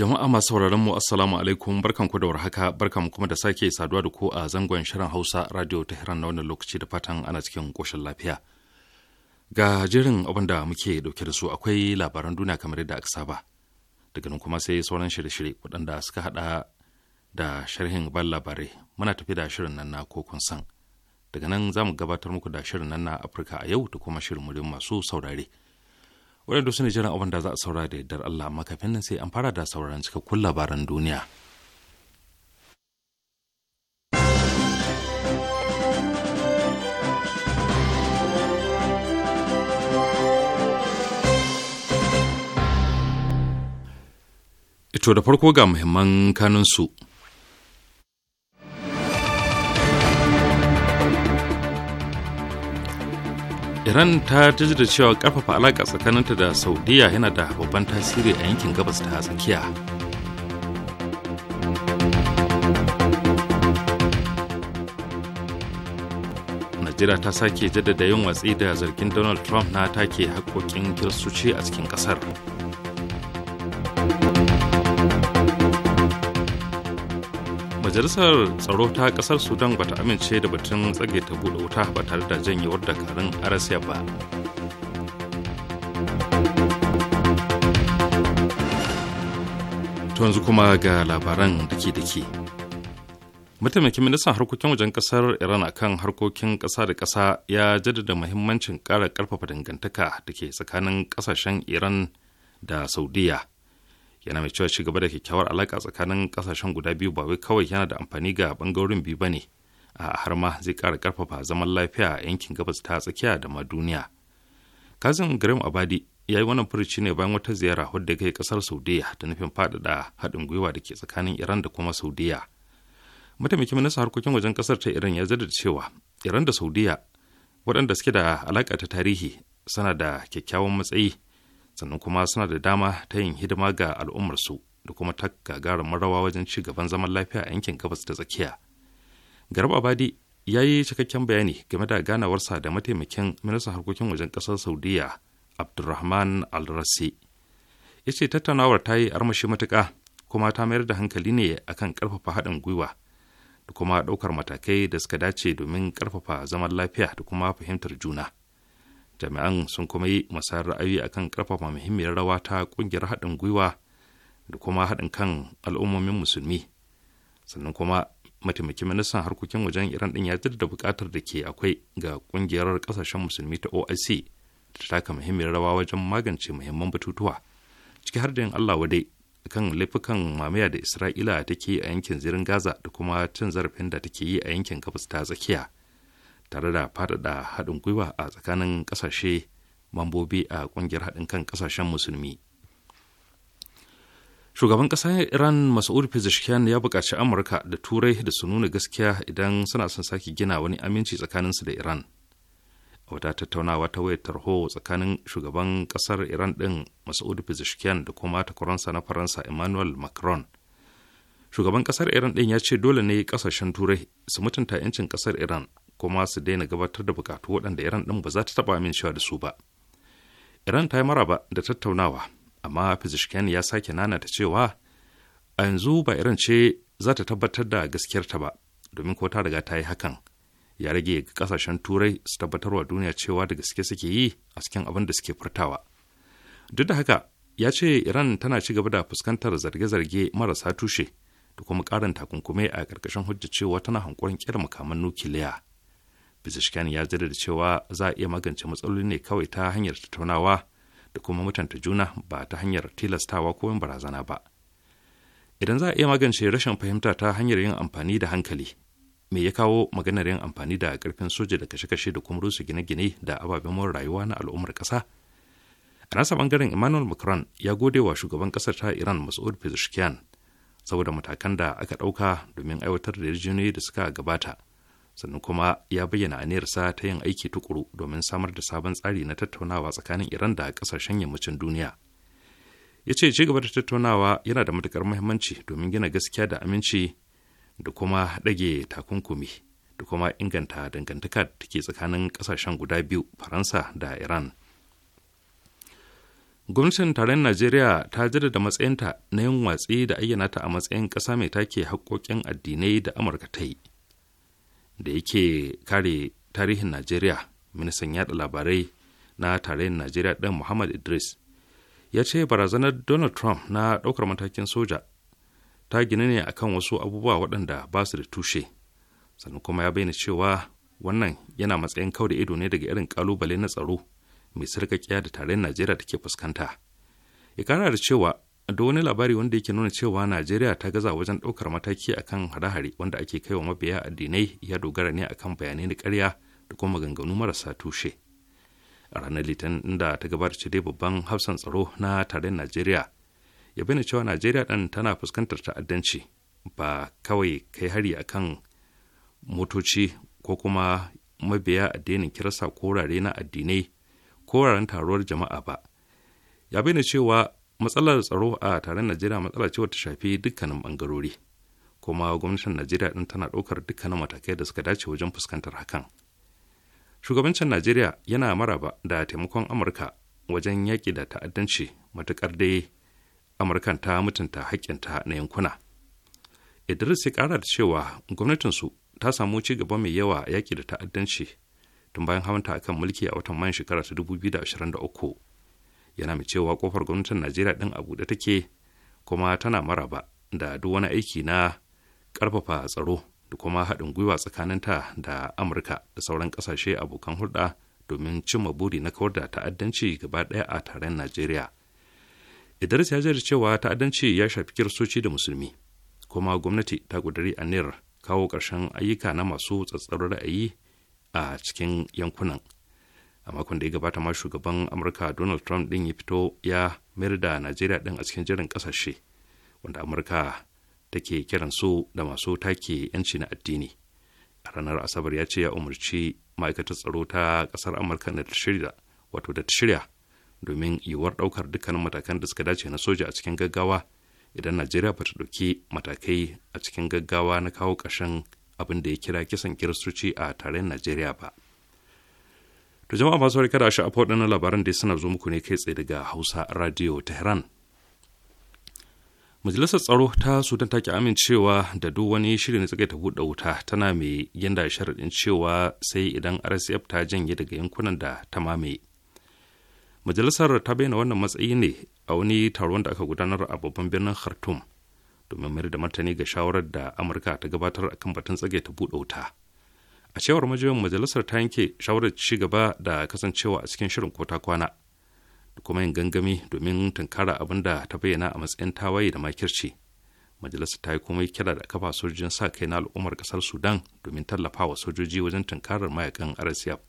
Jama'a masu sauraron mu assalamu alaikum barkan ku da warhaka barkan kuma da sake saduwa da ku a zangon shirin Hausa Radio Tehran na wannan lokaci da fatan ana cikin koshin lafiya. Ga jirin abin da muke dauke da su akwai labaran duniya kamar yadda aka saba. Daga nan kuma sai sauran shirye-shirye waɗanda suka haɗa da sharhin ban labarai muna tafi da shirin nan na kokon san. Daga nan za mu gabatar muku da shirin nan na Afirka a yau da kuma shirin wurin masu saurare. waɗanda su ne jiran abinda za a saura da yardar Allah amma kafin nan sai an fara da sauraron cikakkun labaran duniya. Ito da farko ga muhimman kanunsu. su. iran ta da cewa kafafa alaƙa tsakaninta da saudiya yana da babban tasiri a yankin gabas ta tsakiya najeriya ta sake jaddada yin watsi da zargin donald trump na take haƙƙoƙin kiristoci a cikin ƙasar majalisar tsaro ta kasar sudan bata amince da batun tsage ta bude wuta ba tare da janyewar dakarun arasiya ba to yanzu kuma ga labaran dake-dake mataimakin ministan harkokin wajen kasar iran akan harkokin kasa da kasa ya jaddada muhimmancin kara karfafa dangantaka da ke tsakanin kasashen iran da saudiya yana mai cewa ci gaba da kyakkyawar alaka tsakanin kasashen guda biyu ba wai kawai yana da amfani ga bangarorin biyu bane a har ma zai kara karfafa zaman lafiya a yankin gabas ta tsakiya da ma duniya kazin graham abadi ya yi wannan furuci ne bayan wata ziyara wadda kai kasar saudiya da nufin faɗaɗa haɗin gwiwa da ke tsakanin iran da kuma saudiya mataimakin ministan harkokin wajen kasar ta iran ya jaddada cewa iran da saudiya waɗanda suke da alaƙa ta tarihi suna da kyakkyawan matsayi sannan kuma suna da dama ta yin hidima ga al'ummarsu da kuma ta gagarin marawa wajen ci gaban zaman lafiya a yankin gabas da tsakiya garba abadi ya yi cikakken bayani game da ganawarsa da mataimakin ministan harkokin wajen ƙasar saudiya abdulrahman al-rasi ya ce tattaunawar ta yi armashi matuƙa kuma ta mayar da hankali ne akan ƙarfafa haɗin gwiwa da kuma ɗaukar matakai da suka dace domin ƙarfafa zaman lafiya da kuma fahimtar juna jami'an sun kuma yi musayar ra'ayi akan karfafa muhimmiyar rawa ta kungiyar haɗin gwiwa da kuma haɗin kan al'ummomin musulmi sannan kuma mataimakin ministan harkokin wajen iran ɗin ya da buƙatar da ke akwai ga ƙungiyar ƙasashen musulmi ta oic da ta taka muhimmiyar rawa wajen magance muhimman batutuwa ciki har da yin allah wadai kan laifukan mamaya da isra'ila take a yankin zirin gaza da kuma cin zarafin da take yi a yankin gabas ta tsakiya tare da faɗaɗa haɗin gwiwa a tsakanin ƙasashe mambobi a ƙungiyar haɗin kan ƙasashen musulmi shugaban ƙasar iran masaud pezeshkian ya buƙaci amurka da turai da su nuna gaskiya idan suna son sake gina wani aminci tsakanin su da iran a wata tattaunawa ta wayar tarho tsakanin shugaban ƙasar iran ɗin masaud pezeshkian da kuma takwaransa na faransa emmanuel macron shugaban ƙasar iran ɗin ya ce dole ne ƙasashen turai su mutunta 'yancin ƙasar iran kuma su daina gabatar da bukatu waɗanda iran ɗin ba za ta taɓa amincewa da su ba iran ta yi maraba da tattaunawa amma fizishken ya sake nana ta cewa a yanzu ba iran ce za ta tabbatar da gaskiyarta ba domin ko ta riga ta yi hakan ya rage ga kasashen turai su tabbatar wa duniya cewa da gaske suke yi a cikin abin da suke furtawa duk da haka ya ce iran tana ci gaba da fuskantar zarge-zarge marasa tushe da kuma karin takunkume a ƙarƙashin hujja cewa tana hankurin kira makaman nukiliya Pezeshkian ya da cewa za a iya magance matsaloli ne kawai ta hanyar tattaunawa da kuma mutunta juna ba ta hanyar tilastawa ko barazana ba. Idan za a iya magance rashin fahimta ta hanyar yin amfani da hankali, me ya kawo maganar yin amfani da karfin soja da kashe-kashe da kuma rusa gine-gine da ababen more rayuwa na al'ummar ƙasa? A nasa bangaren Emmanuel Macron ya gode wa shugaban ƙasar ta Iran Masoud Pezeshkian saboda matakan da aka ɗauka domin aiwatar da yarjejeniyoyi da suka gabata. sannan kuma ya bayyana aniyarsa ta yin aiki tukuru domin samar da sabon tsari na tattaunawa tsakanin iran da kasashen yammacin duniya ya ce ci gaba da tattaunawa yana da matukar muhimmanci domin gina gaskiya da aminci da kuma ɗage takunkumi da kuma inganta dangantaka da ke tsakanin kasashen guda biyu faransa da iran gwamnatin taron najeriya ta jaddada matsayinta na yin watsi da ayyana ta a matsayin ƙasa mai take haƙƙoƙin addinai da amurka ta yi da yake kare tarihin najeriya ministan yada labarai na tarihin najeriya ɗin muhammad idris ya ce barazanar donald trump na ɗaukar matakin soja ta gina ne a kan wasu abubuwa waɗanda ba su da tushe sannan kuma ya bayyana cewa wannan yana matsayin kau da ido ne daga irin kalubale na tsaro mai sarƙaƙiya da tarihin najeriya ke fuskanta ya kara da cewa da wani labari wanda yake nuna cewa najeriya ta gaza wajen ɗaukar mataki akan hare-hare wanda ake kai wa mabiya addinai ya dogara ne akan bayanai na karya da kuma maganganu marasa tushe a ranar litinin da ta gabata dai babban hafsan tsaro na tarayyar najeriya ya bayyana cewa najeriya ɗan tana fuskantar ta'addanci ba kawai kai hari akan motoci ko kuma mabiya addinin kirasa ko wurare na addinai ko wuraren taruwar jama'a ba ya bayyana cewa matsalar tsaro a taron najeriya matsala ce wata shafi dukkanin bangarori kuma gwamnatin najeriya din tana ɗaukar dukkanin matakai da suka dace wajen fuskantar hakan shugabancin najeriya yana maraba da taimakon amurka wajen yaƙi da ta'addanci matuƙar dai amurkan ta mutunta haƙƙinta na yankuna idris ya ƙara da cewa gwamnatinsu ta samu ci gaba mai yawa yaƙi da ta'addanci tun bayan hawanta akan mulki a watan mayan shekara ta 2023 yana mai cewa kofar gwamnatin najeriya din a buɗe take kuma tana maraba da duk wani aiki na ƙarfafa tsaro da kuma haɗin gwiwa tsakaninta da amurka da sauran ƙasashe abokan hulɗa domin cimma buri na kawar da ta'addanci gaba ɗaya a taron najeriya idris ya jari cewa ta'addanci ya shafi kiristoci da musulmi kuma gwamnati ta ƙudiri aniyar kawo ƙarshen ayyuka na masu tsatsar ra'ayi a cikin yankunan a makon da ya gabata ma shugaban amurka donald trump din ya fito ya mayar da najeriya din a cikin jirin kasashe wanda amurka take kiran su da masu take yanci na addini a ranar asabar ya ce ya umarci ma'aikatar tsaro ta kasar amurka da shirya wato da ta shirya domin yiwuwar daukar dukkanin matakan da suka dace na soja a cikin gaggawa idan najeriya ba ta ɗauki matakai a cikin gaggawa na kawo ƙarshen abin da ya kira kisan kiristoci a tarayyar najeriya ba. To jama'a masu harika da shi waɗannan labaran da suna zo muku ne kai tsaye daga Hausa Radio Tehran. Majalisar Tsaro ta Sudan ta ki amincewa da duk wani shiri na tsagaita buɗe wuta tana mai yanda sharaɗin cewa sai idan RSF ta janye daga yankunan da ta mamaye. Majalisar ta bayyana wannan matsayi ne a wani taron da aka gudanar a babban birnin Khartoum domin mayar da martani ga shawarar da Amurka ta gabatar akan batun tsagaita buɗe wuta. a cewar majiyar majalisar ta yanke shawarar ci gaba da kasancewa a cikin shirin kota kwana da kuma yin gangami domin tunkara abin da ta bayyana a matsayin tawaye da makirci majalisar ta yi kuma kira da kafa sojojin sa kai na al'ummar kasar sudan domin tallafa wa sojoji wajen tunkarar mayakan rsf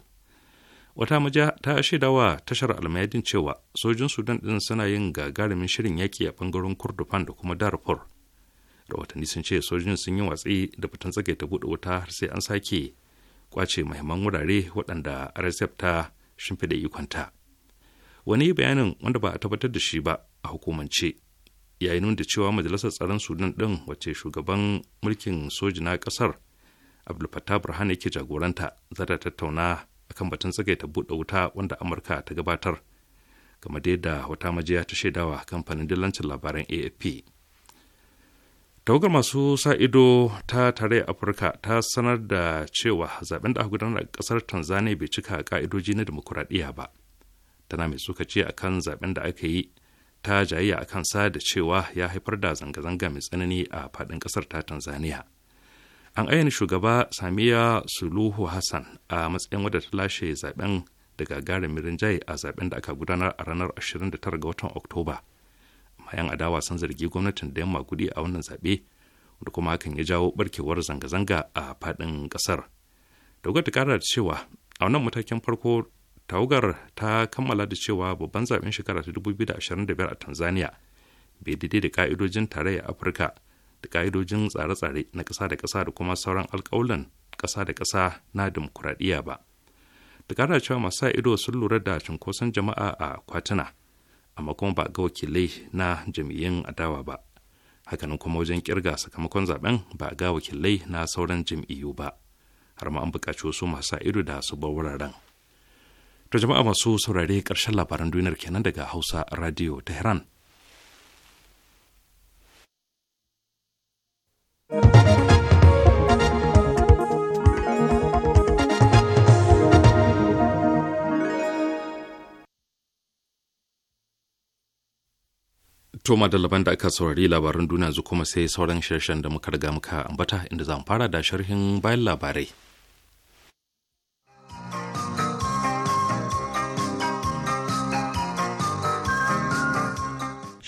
wata maja ta shaida wa tashar almayadin cewa sojin sudan din suna yin gagarumin shirin yaki a bangaren kurdufan da kuma darfur watanni sun ce sojin sun yi watsi da fitan tsagaita buɗe wuta har sai an sake kwace mahimman wurare waɗanda rsf ta shimfida ikonta wani bayanin wanda ba a tabbatar da shi ba a hukumance ya yi da cewa majalisar tsaron sudan ɗin wace shugaban mulkin soji na ƙasar abdul fattah burhan yake jagoranta za ta tattauna akan batun tsagaita buɗe wuta wanda amurka ta gabatar kamar da wata majiya ta shaidawa kamfanin dillancin labaran afp tawagar masu sa ido ta tare afirka ta sanar da cewa zaben da aka gudanar a kasar tanzania bai cika ka'idoji na demokuraɗiyya ba tana mai tsokaci a kan zaben da aka yi ta jayayya a kansa da cewa ya haifar da zanga-zanga mai tsanani a faɗin ƙasar ta tanzania an ayyana shugaba samiya suluhu hassan a matsayin wadda ta lashe zaben da gagarumin rinjaye a zaben da aka gudanar a ranar 29 ga watan oktoba bayan yan adawa sun zargi gwamnatin da yamma kudi a wannan zaɓe da kuma hakan ya jawo barkewar zanga-zanga a faɗin ƙasar dogar ta ƙara da cewa a wannan matakin farko tawagar ta kammala da cewa babban zaɓen shekara ta 2025 a tanzania bai daidai da ka'idojin tarayyar afirka da ka'idojin tsare-tsare na ƙasa da kasa da kuma sauran alƙawulan ƙasa da kasa na dimokuraɗiyya ba da ƙara cewa masu ido sun lura da cunkoson jama'a a kwatuna amma kuma ba ga wakilai na jam'iyyun adawa ba hakanan kuma wajen kirga sakamakon zaben ba ga wakilai na sauran jam'iyyu ba har ma an buƙaci wasu masu ido da su bar wuraren to jama'a masu saurare karshen labaran duniyar kenan daga hausa radio tehran Toma da laban da aka saurari labaran duniya zu kuma sai sauran shirshen da muka riga muka ambata inda zan fara da sharhin bayan labarai.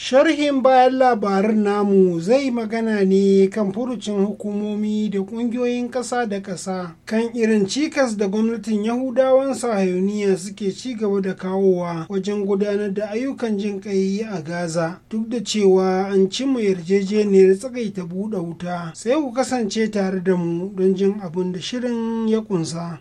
sharhin bayan labarin namu zai magana ne kan furucin hukumomi da kungiyoyin ƙasa da ƙasa kan irin cikas da gwamnatin yahudawan sahayuniya suke ci gaba da kawowa wajen gudanar da ayyukan jin ƙai a gaza duk da cewa an ci mu yarjejeniyar tsagaita buɗe wuta sai ku kasance tare da mu don jin abin da shirin ya kunsa.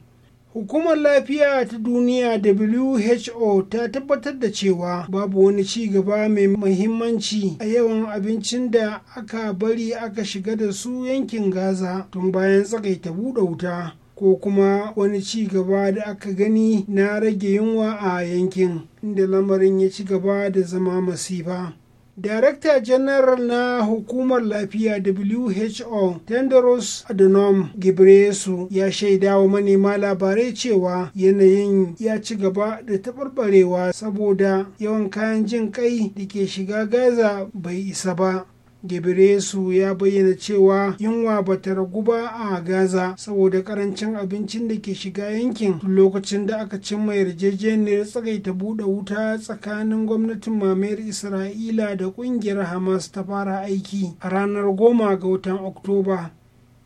Hukumar Lafiya ta Duniya WHO ta tabbatar da cewa babu wani ci gaba mai muhimmanci a yawan abincin da aka bari aka shiga da su yankin Gaza tun bayan tsakaita buɗe wuta ko kuma wani ci gaba da aka gani na rage yunwa a yankin inda lamarin ya ci gaba da zama masifa. Darakta Janaral na Hukumar Lafiya WHO Tendros Adhanom Ghebreyesus ya shaidawa manema labarai cewa yanayin ya ci gaba da taɓarɓarewa saboda yawan kayan jin kai da ke shiga Gaza bai isa ba. gebresu ya bayyana cewa yunwa ba ta ragu ba a gaza saboda karancin abincin da ke shiga yankin lokacin da aka cimma yarjejeniyar tsagaita buɗe wuta tsakanin gwamnatin mamayar isra'ila da ƙungiyar hamas ta fara aiki a ranar goma ga watan oktoba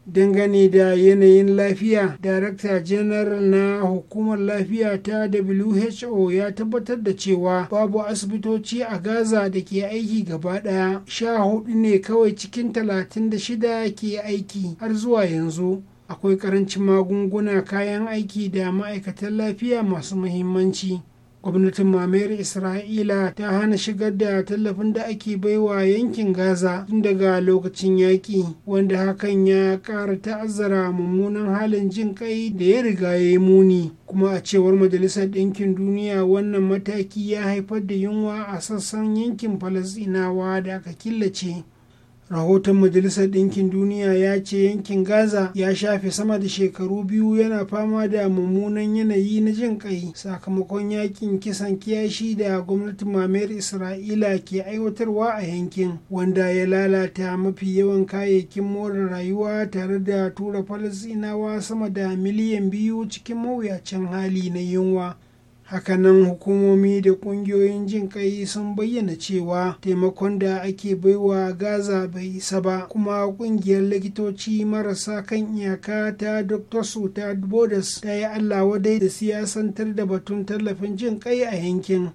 dangane da yanayin lafiya darakta janar na hukumar lafiya ta who ya tabbatar da cewa babu asibitoci a gaza da ke aiki gaba daya sha hudu ne kawai cikin talatin da shida ke aiki har zuwa yanzu akwai karancin magunguna kayan aiki da ma'aikatan lafiya masu muhimmanci gwamnatin mamayar isra'ila ta hana shigar da tallafin da ake baiwa yankin gaza tun daga lokacin yaƙi wanda hakan ya ƙara ta'azzara mummunan halin jin kai da ya riga ya yi muni kuma a cewar majalisar ɗinkin duniya wannan mataki ya haifar da yunwa a sassan yankin falasɗinawa da aka killace rahoton majalisar ɗinkin duniya ya ce yankin gaza ya shafe sama da shekaru biyu yana fama da mummunan yanayi na jin ƙai. sakamakon yakin kisan kiyashi da gwamnatin mamayar isra'ila ke aiwatarwa a yankin wanda ya lalata mafi yawan kayayyakin more rayuwa tare da tura falasinawa sama da miliyan biyu cikin mawuyacin hali na yunwa hakanan hukumomi da kungiyoyin jin kai sun bayyana cewa taimakon da ake baiwa gaza bai isa ba kuma kungiyar likitoci marasa kan iyaka ta dr suta bodas ta yi allah dai da siyasantar da batun tallafin jin kai a yankin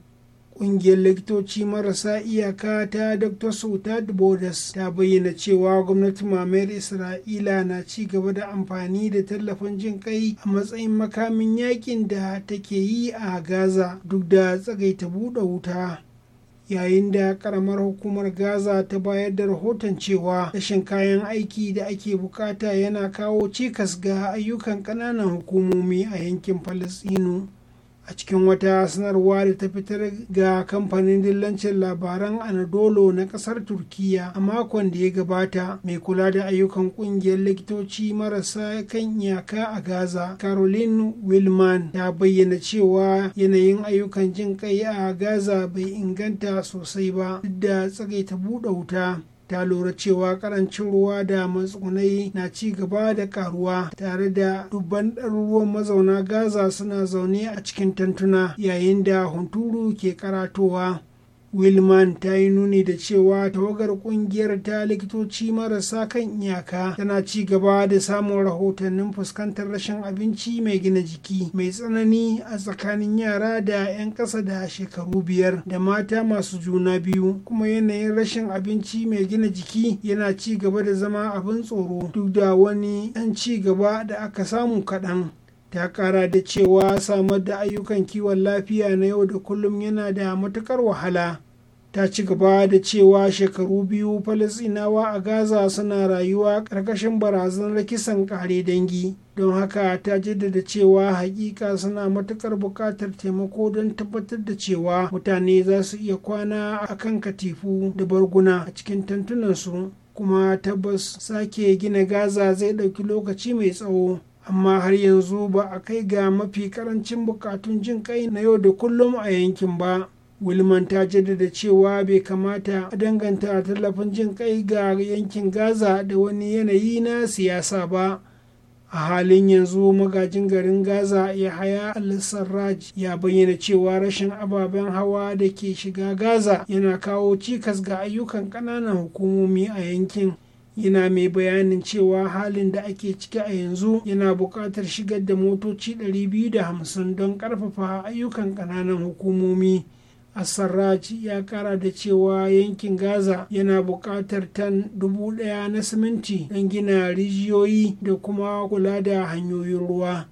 Ƙungiyar likitoci marasa iyaka ta Dr. Sauta Bodas ta bayyana cewa gwamnatin mamayar Isra'ila na ci gaba da amfani da tallafin jin kai a matsayin makamin yakin da take yi a Gaza duk da tsagaita buɗe wuta. yayin da karamar hukumar gaza ta bayar da rahoton cewa rashin kayan aiki da ake bukata yana kawo cikas ga ayyukan ƙananan hukumomi a yankin falasɗinu a cikin wata sanarwa da ta fitar ga kamfanin dillancin labaran anadolo na kasar turkiya a makon da ya gabata mai kula da ayyukan kungiyar likitoci marasa kan iyaka a gaza caroline wilman ta bayyana cewa yanayin ayyukan jin kai a gaza bai inganta sosai ba da tsagaita buɗe wuta ta lura cewa karancin ruwa da matsugunai na ci gaba da karuwa tare da dubban ɗaruruwan mazauna gaza suna zaune a cikin tantuna yayin da hunturu ke karatowa Wilman ta yi nuni da cewa tawagar kungiyar ta likitoci marasa kan iyaka tana ci gaba da samun rahotannin fuskantar rashin abinci mai gina jiki mai tsanani a tsakanin yara da 'yan ƙasa da shekaru biyar da mata masu juna biyu kuma yanayin rashin abinci mai gina jiki yana ci gaba da zama abin tsoro duk da wani ɗan ci gaba da aka samu kaɗan. ta kara da cewa samar da ayyukan kiwon lafiya na yau da kullum yana da matukar wahala ta ci gaba da cewa shekaru biyu falasinawa a gaza suna rayuwa ƙarƙashin barazanar kisan ƙare dangi don haka ta jaddada cewa hakika suna matuƙar buƙatar taimako don tabbatar da cewa mutane za su iya kwana a kan katifu da barguna a cikin tantunansu kuma tabbas sake gina gaza zai ɗauki lokaci mai tsawo amma har yanzu ba a kai ga mafi karancin bukatun jin kai na yau da kullum a yankin ba wilman ta jaddada cewa bai kamata a danganta tallafin jin kai ga yankin gaza da wani yanayi na siyasa ba a halin yanzu magajin garin gaza ya haya al-sarraj ya bayyana cewa rashin ababen hawa da ke shiga gaza yana kawo cikas ga ayyukan ƙananan hukumomi a yankin yana mai bayanin cewa halin da ake ciki a yanzu yana buƙatar shigar da motoci 250 don ƙarfafa ayyukan ƙananan hukumomi Assarraj ya kara da cewa yankin Gaza yana buƙatar tan dubu ɗaya na siminti don gina rijiyoyi da kuma kula da hanyoyin ruwa.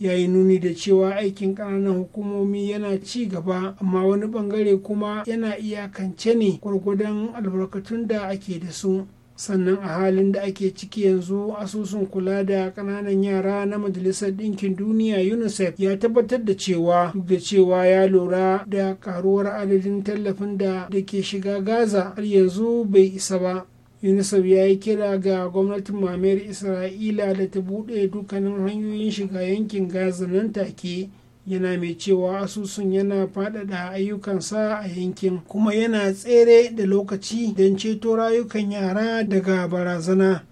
Ya yi nuni da cewa aikin ƙananan hukumomi yana ci gaba amma wani ɓangare kuma yana iyakance ne gwargwadon albarkatun da ake da su. sannan a halin da ake ciki yanzu asusun kula da kananan yara na majalisar ɗinkin duniya unicef ya tabbatar da cewa duk da cewa ya lura da karuwar adadin tallafin da da ke shiga gaza har yanzu bai isa ba unicef ya yi kira ga gwamnatin mamayar isra'ila da ta buɗe dukkanin hanyoyin shiga yankin gaza nan take yana mai cewa asusun yana faɗaɗa ayyukansa a yankin kuma yana tsere da lokaci don ceto rayukan yara daga barazana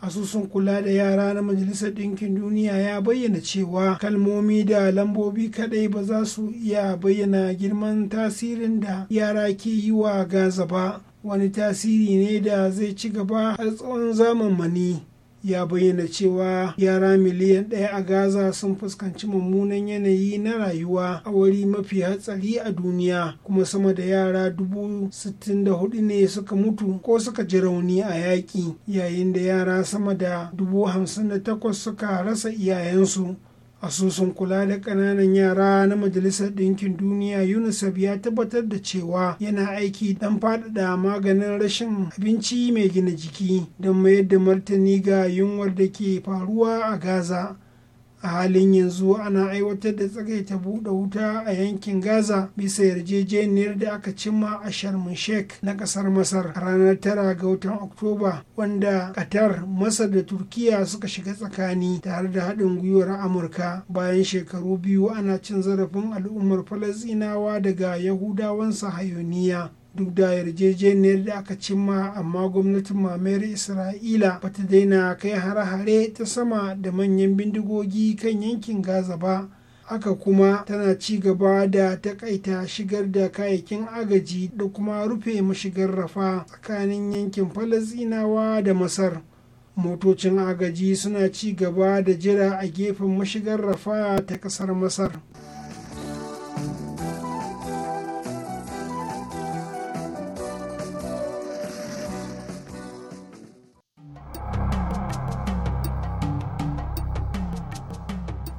asusun kula da yara na majalisar ɗinkin duniya ya bayyana cewa kalmomi da lambobi kaɗai ba za su iya bayyana girman tasirin da yara ke yi wa gaza ba wani tasiri ne da zai ci gaba har tsawon zamani ya bayyana cewa yara miliyan ɗaya a gaza sun fuskanci mummunan yanayi na rayuwa a wuri mafi hatsari a duniya kuma sama da yara dubu sittin da hudu ne suka mutu ko suka ji rauni a yaƙi yayin da yara sama da dubu hamsin da takwas suka rasa iyayensu asusun kula da kananan yara na majalisar ɗinkin duniya unicef ya tabbatar da cewa yana aiki don faɗaɗa maganin rashin abinci mai gina jiki don mayar da martani ga yunwar da ke faruwa a gaza a halin yanzu ana aiwatar da tsagaita buɗe wuta a yankin gaza bisa yarjejeniyar da aka cimma a sharmin sheik na ƙasar masar a ranar tara ga watan oktoba wanda qatar masar da turkiya suka shiga tsakani tare da haɗin gwiwar amurka bayan shekaru biyu ana cin zarafin al'ummar falasinawa daga yahudawan sahayoniya duk da yarjejeniyar da aka cimma amma gwamnatin mamayar isra'ila ba ta daina kai hare-hare ta sama da manyan bindigogi kan yankin gaza ba haka kuma tana ci gaba da takaita shigar da kayayyakin agaji da kuma rufe mashigar rafa tsakanin yankin falasinawa da masar motocin agaji suna ci gaba da jira a gefen mashigar rafa ta kasar masar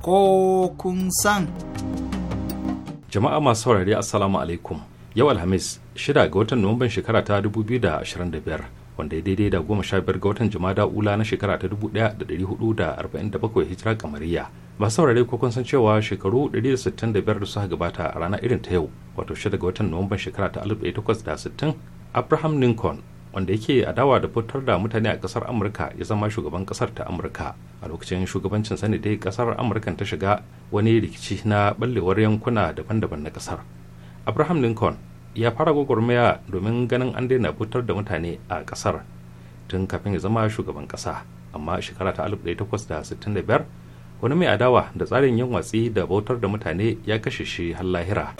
ko kun san. Jama'a masu saurari Assalamu alaikum. Yau Alhamis, shida ga watan Nuwamban shekara ta 2025 wanda ya daidai da goma sha biyar ga watan Jumada Ula na shekara ta 1447 hijira kamariya. Masu saurari ko kun san cewa shekaru 165 da suka gabata a rana irin ta yau, wato shida ga watan Nuwamban shekara ta 1860, Abraham Lincoln wanda yake adawa da fitar da mutane a kasar amurka ya zama shugaban kasar ta amurka a lokacin shugabancin sani dai kasar amurka ta shiga wani rikici na ballewar yankuna daban-daban na kasar abraham lincoln ya fara gwagwarmaya domin ganin an daina fitar da mutane a kasar tun kafin ya zama shugaban kasa amma shekara ta 1865 wani mai adawa da tsarin yin watsi da bautar da mutane ya kashe shi har lahira.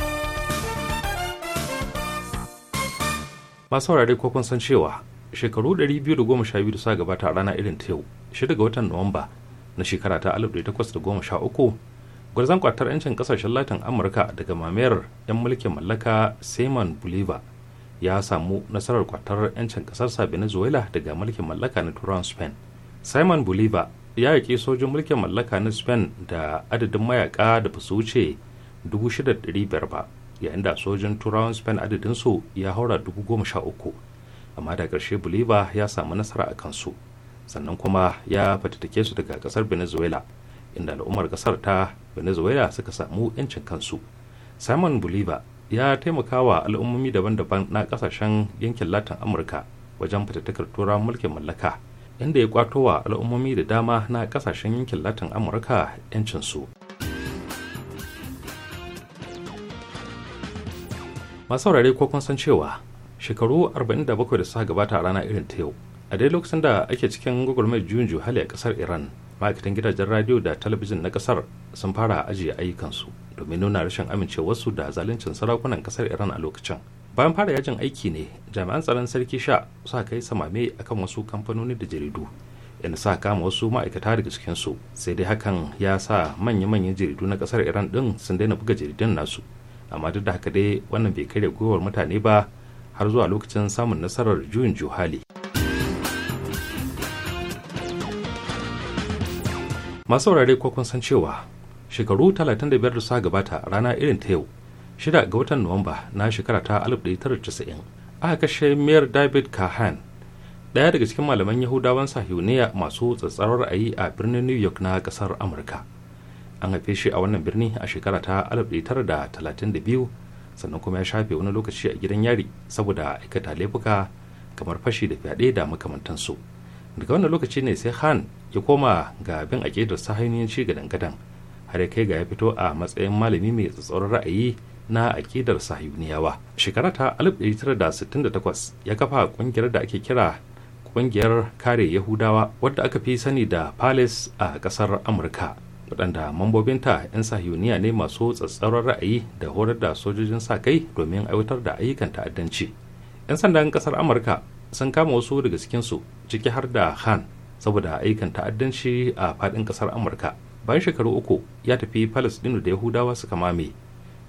masu saurare ko kun san cewa shekaru 212 suka gabata a rana irin ta yau shida ga watan nuwamba na shekara ta 1813 gwarzan kwatar 'yancin kasashen latin amurka daga mamayar 'yan mulkin mallaka simon bolivar ya samu nasarar kwatar 'yancin kasarsa venezuela daga mulkin mallaka na turan spain simon bolivar ya yaƙi sojin mulkin mallaka na spain da adadin mayaka da ba 6,500 ba yayin da sojin turawan spain adadinsu ya haura dubu goma sha uku amma da ƙarshe bolivar ya samu nasara a kansu sannan kuma ya fatattake su daga ƙasar venezuela inda al'ummar ƙasar ta venezuela suka samu 'yancin kansu simon bolivar ya taimaka wa al'ummomi daban-daban na ƙasashen yankin latin amurka wajen fatattakar turawan mulkin mallaka inda ya kwato wa al'ummomi da dama na ƙasashen yankin latin amurka 'yancinsu. su masu saurare ko kun san cewa shekaru 47 da suka gabata a rana irin ta yau a dai lokacin da ake cikin gwagwarmayar juyin hali a kasar iran ma'aikatan gidajen radio da talabijin na kasar sun fara ajiye ayyukansu domin nuna rashin amincewarsu da zaluncin sarakunan kasar iran a lokacin bayan fara yajin aiki ne jami'an tsaron sarki sha suka kai samame akan wasu kamfanoni da jaridu yana sa kama wasu ma'aikata daga cikinsu sai dai hakan ya sa manya-manyan jaridu na kasar iran din sun daina buga jaridun nasu amma duk da haka dai wannan bai karya gwiwar mutane ba har zuwa lokacin samun nasarar juyin juhali masu saurare ko kun san cewa shekaru 35 da suka gabata rana irin ta yau shida ga watan nuwamba na shekara ta 1990 aka kashe mayor david kahan daya daga cikin malaman yahudawan sahiyoniya masu tsatsarar ra'ayi a birnin new york na kasar amurka an haife shi a wannan birni a shekara ta 1932 sannan kuma ya shafe wani lokaci a gidan yari saboda aikata laifuka kamar fashi da fyaɗe da makamantansu daga wannan lokaci ne sai han ya koma ga bin aƙidar sa hanyoyin ci gadan gadan har ya kai ga ya fito a matsayin malami mai tsatsauran ra'ayi na aƙidar sahiyuniyawa shekara ta 1968 ya kafa ƙungiyar da ake kira ƙungiyar kare yahudawa wadda aka fi sani da palace a ƙasar amurka waɗanda mambobinta 'yan sahiyoniya ne masu tsatsauran ra'ayi da horar da sojojin sa kai domin aiwatar da ayyukan ta'addanci 'yan sandan ƙasar amurka sun kama wasu daga cikinsu ciki har da han saboda ayyukan ta'addanci a faɗin ƙasar amurka bayan shekaru uku ya tafi palestinu da yahudawa suka mame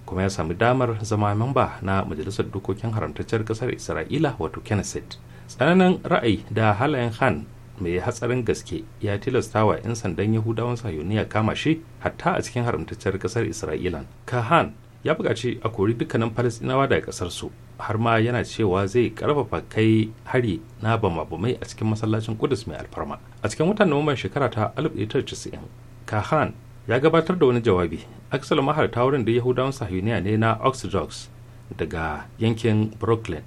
kuma ya sami damar zama mamba na majalisar dokokin haramtaccen ƙasar isra'ila wato knesset tsananin ra'ayi da halayen han mai hatsarin gaske ya tilasta wa 'yan sandan yahudawan sayoniya kama shi hatta a cikin haramtacciyar kasar Isra'ila. kahan ya buƙaci a kori dukkanin falasɗinawa daga ƙasarsu har ma yana cewa zai karfafa kai hari na bamabamai a cikin masallacin kudus mai alfarma a cikin watan nuwamban shekara ta 1990 kahan ya gabatar da wani jawabi aksal maharta wurin da yahudawan sahiyuniya ne na oxydox daga yankin brooklyn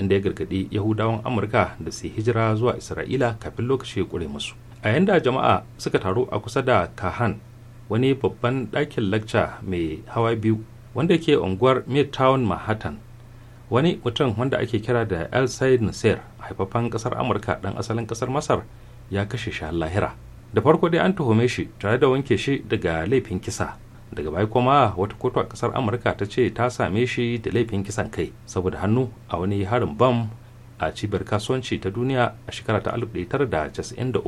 inda ya gargaɗi yahudawan amurka da su hijira zuwa isra'ila kafin lokaci ya ƙure musu a yanda jama'a suka taru a kusa da kahan wani babban ɗakin lacca mai hawa biyu wanda ke unguwar midtown manhattan wani mutum wanda ake kira da el said nasir haifafan ƙasar amurka ɗan asalin ƙasar masar ya kashe shi lahira da farko dai an tuhume shi tare da wanke shi daga laifin kisa daga baya kuma wata kotu a kasar amurka ta ce ta same shi da laifin kisan kai saboda hannu a wani harin bam a cibiyar kasuwanci ta duniya a shekara ta da 1993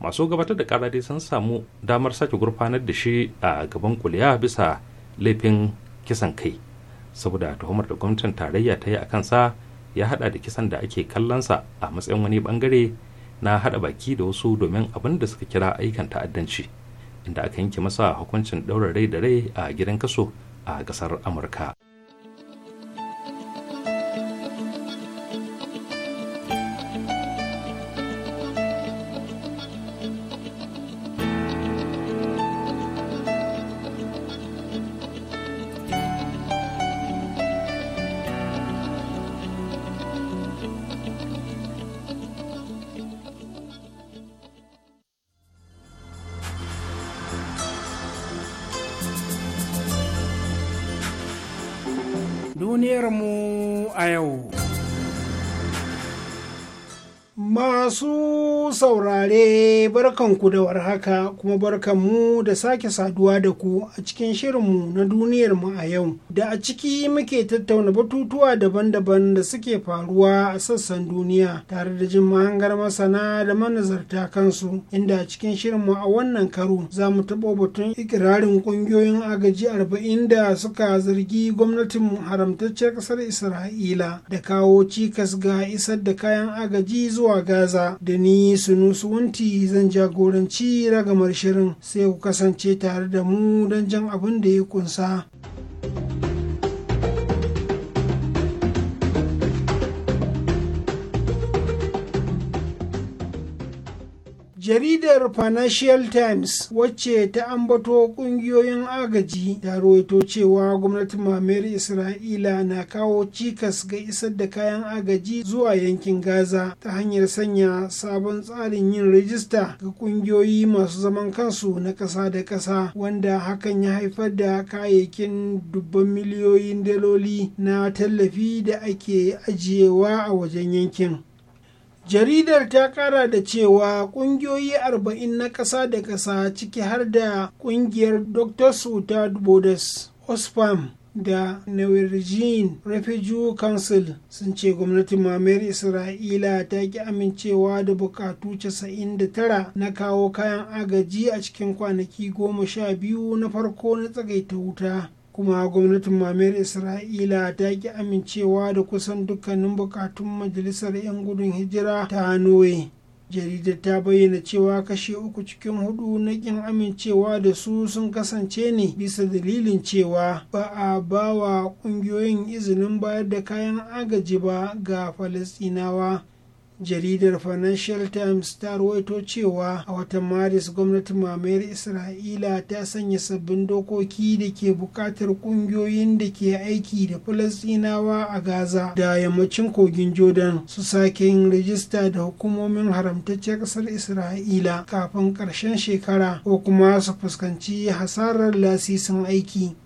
masu gabatar da kara dai sun samu damar sake gurfanar da shi a gaban kuliya bisa laifin kisan kai saboda tuhumar da gwamnatin tarayya ta yi a kansa ya hada da kisan da ake kallonsa a matsayin wani bangare na hada baki da wasu domin abin da suka kira aikan ta'addanci. inda aka yanke masa hukuncin ɗaurar rai da rai a gidan kaso a ƙasar amurka duniyarmu a yau. Masu saurare barkan ku da warhaka kuma barkanmu da sake saduwa da ku a cikin shirinmu na duniyarmu a yau da a ciki muke tattauna batutuwa daban-daban da suke faruwa a sassan duniya tare da jin mahangar masana da manazarta kansu inda a cikin shirinmu a wannan karo za mu taɓo batun ikirarin ƙungiyoyin agaji arba'in da suka zargi gwamnatin haramtacciyar ƙasar Isra'ila da kawo cikas ga isar da kayan agaji zuwa gaza da ni wunti zan jagoranci ragamar shirin sai ku kasance tare da mu don jan abin da ya kunsa. jaridar financial times wacce ta ambato kungiyoyin agaji ta rawaito cewa gwamnatin mamayar isra'ila na kawo cikas ga isar da kayan agaji zuwa yankin gaza ta hanyar sanya sabon tsarin yin rajista ga kungiyoyi masu zaman kansu na ƙasa da ƙasa wanda hakan ya haifar da kayayyakin dubban miliyoyin daloli na tallafi da ake ajiyewa a wajen yankin jaridar ta kara da cewa kungiyoyi arba'in na ƙasa da ƙasa ciki har da kungiyar doctors without borders osfam da norwegian refugee council sun ce gwamnatin mamayar isra'ila ta ki amincewa da bukatu 99 na kawo kayan agaji a cikin kwanaki 12 na farko na tsagaita wuta kuma gwamnatin mamayar isra'ila ta ki amincewa da kusan dukkanin bukatun majalisar 'yan gudun hijira ta hanoi jaridar ta bayyana cewa kashe uku cikin hudu na kin amincewa da su sun kasance ne bisa dalilin cewa ba a ba wa kungiyoyin izinin bayar da kayan agaji ba ga falasinawa jaridar financial times ta ruwaito cewa a watan maris gwamnatin mamayar isra'ila ta sanya sabbin dokoki da ke bukatar kungiyoyin da ke aiki da falasinawa a gaza da yammacin kogin jordan su sake yin rajista da hukumomin haramtacciyar kasar isra'ila kafin karshen shekara ko kuma su fuskanci hasarar lasisin aiki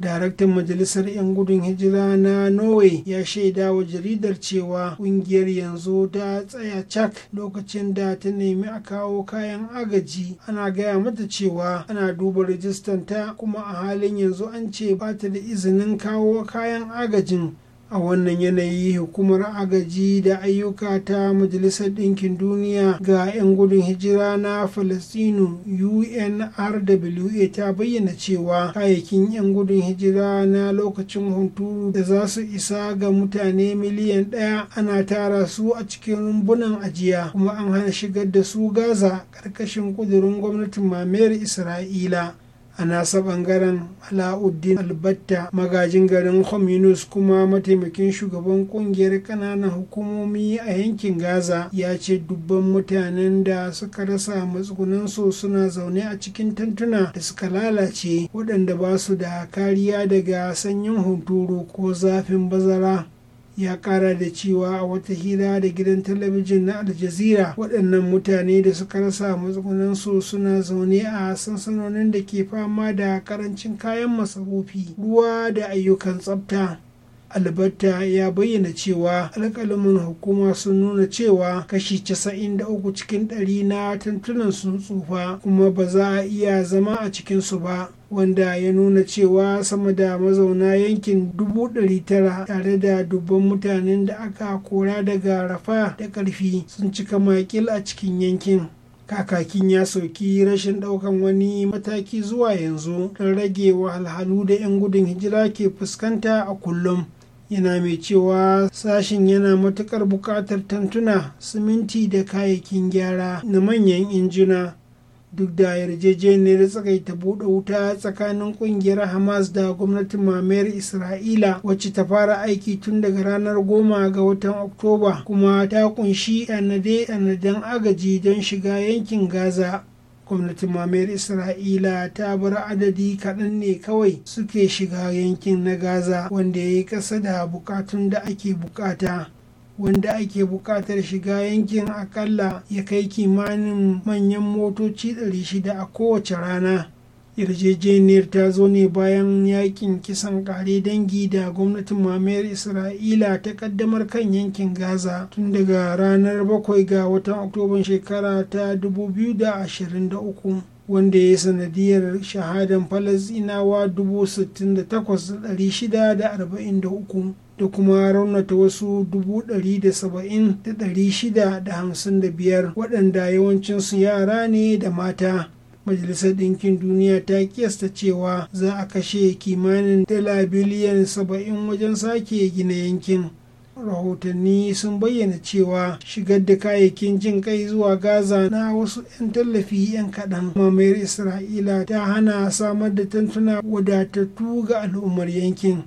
daraktan majalisar 'yan gudun hijira na norway ya shaida wa jaridar cewa kungiyar yanzu ta tsaya cak lokacin da ta nemi a kawo kayan agaji ana gaya mata cewa ana duba rijistanta kuma a halin yanzu an ce ba ta da izinin kawo kayan agajin a wannan yanayi hukumar agaji da ayyuka ta majalisar ɗinkin duniya ga 'yan gudun hijira na falastinu unrwa ta bayyana cewa kayayyakin 'yan gudun hijira na lokacin hunturu da za su isa ga mutane miliyan ɗaya ana tara su a cikin rumbunan ajiya kuma an hana shigar da su gaza ƙarƙashin ƙudurin gwamnatin mamayar isra'ila a nasa bangaren alauddin albatta magajin garin Yunus kuma mataimakin shugaban kungiyar kananan hukumomi a yankin gaza ya ce dubban mutanen da suka rasa matsugunansu suna zaune a cikin tantuna da suka lalace waɗanda ba su da kariya daga sanyin hunturu ko zafin bazara ya kara da cewa a wata hira da gidan talabijin na aljazira waɗannan mutane da suka rasa matsugunansu suna zaune a sansanonin da ke fama da karancin kayan masarufi ruwa da ayyukan tsafta albatta ya bayyana cewa alkalamin hukuma sun nuna cewa kashi casa'in da uku cikin ɗari na tantunan sun tsufa kuma ba za a iya zama a cikinsu ba wanda ya nuna cewa sama da mazauna yankin 900 tare da dubban mutanen da aka kora daga rafa da ƙarfi. sun cika makil a cikin yankin kakakin ya sauki rashin daukan wani mataki zuwa yanzu don rage wahalhalu da 'yan gudun hijira ke fuskanta a kullum yana mai cewa sashen yana matukar buƙatar tantuna siminti da kayayyakin gyara na manyan injina duk da yarjejeniyar ta buɗe wuta tsakanin ƙungiyar hamas da gwamnatin mamayar isra'ila wacce ta fara aiki tun daga ranar goma ga watan oktoba kuma ta kunshi yanade-yanaden agaji don shiga yankin gaza gwamnatin mamayar isra'ila ta bar adadi kaɗan ne kawai suke shiga yankin na gaza wanda ya yi ƙasa da bukatun da ake bukata wanda ake bukatar shiga yankin akalla ya kai kimanin manyan motoci 600 a kowace rana yarjejeniyar ta zo ne bayan yakin kisan kare dangi da gwamnatin mamayar isra'ila ta kaddamar kan yankin gaza tun daga ranar 7 ga watan oktoban shekara ta 2023 wanda ya sanadiyar shahadan falasinawa 68,643 da kuma raunata wasu biyar. waɗanda yawancinsu yara ne da mata majalisar ɗinkin duniya ta kiyasta cewa za a kashe kimanin dala biliyan saba'in wajen sake gina yankin rahotanni sun bayyana cewa shigar da kayayyakin jin kai zuwa gaza na wasu 'yan tallafi 'yan kaɗan mamayar isra'ila ta hana samar da tantuna wadatattu ga al'ummar yankin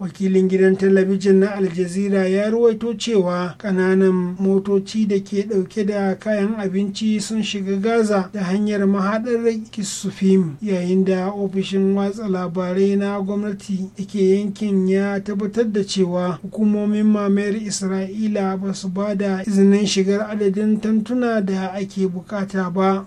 wakilin gidan talabijin na aljazira ya ruwaito cewa kananan motoci da ke dauke da kayan abinci sun shiga gaza da hanyar mahadar kisufim yayin da ofishin watsa labarai na gwamnati da ke yankin ya tabbatar da cewa hukumomin mamayar isra'ila ba su ba da izinin shigar adadin tantuna da ake bukata ba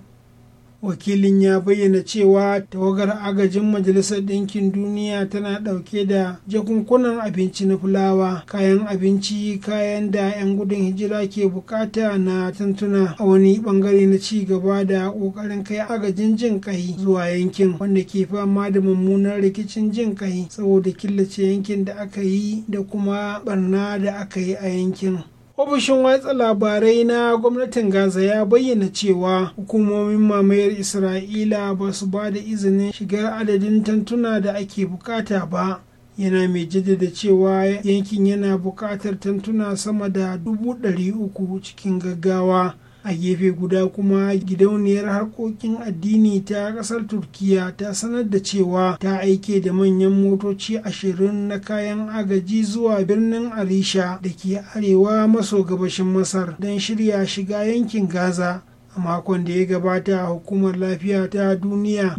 wakilin ya bayyana cewa tawagar agajin majalisar ɗinkin duniya tana ɗauke da jakunkunan abinci na fulawa kayan abinci kayan da 'yan gudun hijira ke bukata na tantuna a wani bangare na ci gaba da ƙoƙarin kai agajin jin kai zuwa yankin wanda ke fama da mummunan rikicin jin kai saboda killace yankin da aka yi da kuma barna da aka yi a yankin ofishin watsa labarai na gwamnatin gaza ya bayyana cewa hukumomin mamayar isra'ila ba su ba da izinin shigar adadin tantuna da ake bukata ba yana mai jaddada cewa yankin yana bukatar tantuna sama da dubu uku cikin gaggawa a gefe guda kuma gidauniyar harkokin addini ta kasar turkiya ta sanar da cewa ta aike da manyan motoci ashirin na kayan agaji zuwa birnin arisha da ke arewa maso gabashin masar don shirya shiga yankin gaza a makon da ya gabata hukumar lafiya ta duniya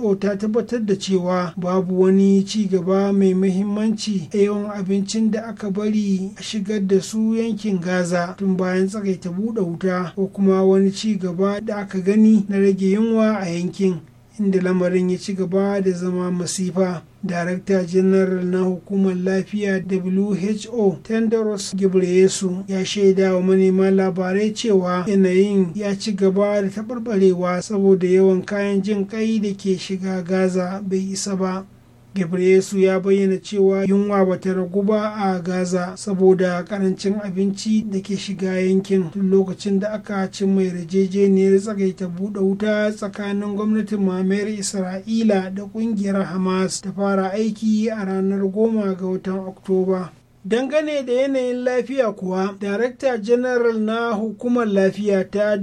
who ta tabbatar da cewa babu wani ci gaba mai mahimmanci a yawan abincin da aka bari a shigar da su yankin gaza tun bayan tsakaita buɗe wuta ko kuma wani ci gaba da aka gani na rage yunwa a yankin inda lamarin ya ci gaba da zama masifa darakta janaral na hukumar lafiya who tendros ghebreyesu ya shaida wa manema labarai cewa yanayin ya ci gaba da taɓarɓarewa saboda yawan kayan jin ƙai da ke shiga gaza bai isa ba gebreyesu ya bayyana cewa yunwa bata ragu ba a gaza saboda karancin abinci da ke shiga yankin tun lokacin da aka cin mai yarjejeniyar tsagaita buɗe wuta tsakanin gwamnatin mamayar isra'ila da ƙungiyar hamas ta fara aiki a ranar goma ga watan oktoba dangane da yanayin lafiya kuwa darakta janaral na hukumar lafiya ta